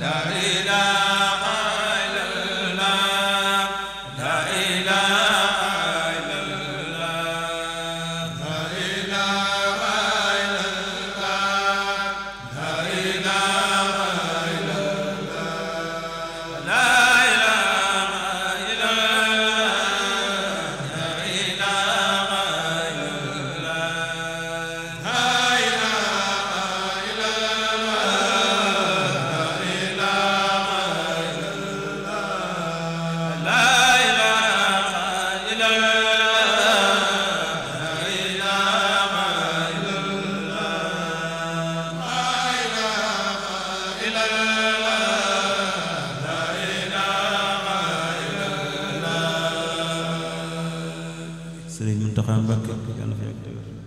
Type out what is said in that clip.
la ilaha Sëriñ Muntaxa Mbàkke yàlla na fi yàgg